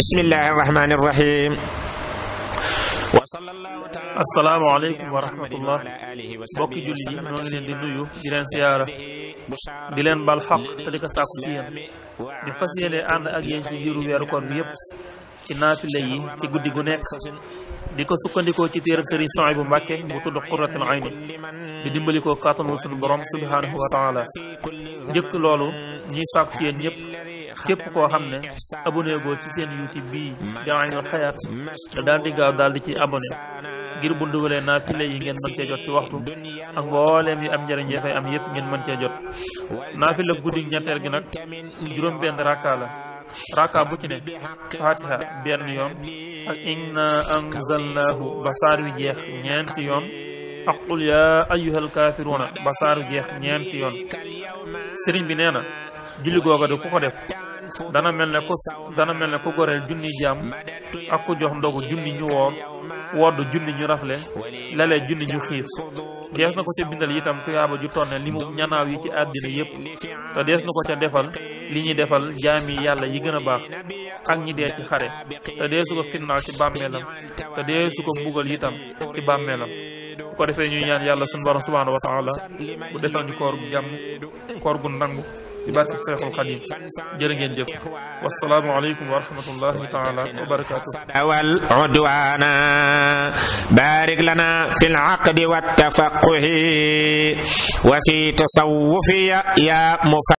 بسم الله الرحمن الرحيم السلام عليكم ورحمة الله بقي جلدي نوني للنيو جلان سيارة جلان بالحق تلك ساقوتيا بفاسي لي أنا أجيش نجيرو ويركون بيب كنا في اللي كي قد يقنك ديكو سكن ديكو كي تيرك سرين صعب مكة مطلق قرة العين بدي مليكو قاتل وصل سبحانه وتعالى جك لولو ني ساقوتيا نيب képp koo xam ne abonné goo ci seen youtube bi di Aynul Hayaat nga daal di gaaw daal di ci abonné ngir bu dugalee naafile yi ngeen mën cee jot ci waxtu ak mbooleem yi am njëriñ yi am yëpp ngeen mën cee jot naafile guddi ñetteel gi nag juróom benn rakka la rakka bu ci ne fatiha benn yoon ak inna anzalnaahu ba saar wi jeex ñeenti yoon ak qul yaa ayyuhal kaafiruuna ba saar wi jeex ñeenti yoon sëriñ bi nee na julli googa du ku ko def dana mel ne ku dana mel ne ku goreel junni jaam ak ku jox ndogu junni ñu woor wodd junni ñu rafle lalee junni ñu xiif dees na ko ca bindal itam tuyaaba ju tonne li mu ñanaaw yi ci àddina yépp te dees na ko ca defal li ñuy defal jaami yàlla yi gën a baax ak ñi dee ci xare te deesu ko fitnaal ci bàmmeelam te deesu ko mbugal itam ci bàmmeelam bu ko defee ñuy ñaan yàlla sunu borom subhaanahu wa taala bu defal ñu koor gu jàmm koor gu nangu يباتك سيخ الخليم جرنجين جف والسلام عليكم ورحمة الله تعالى وبركاته والعدوانا بارك لنا في العقد والتفقه وفي تصوف يا مفاق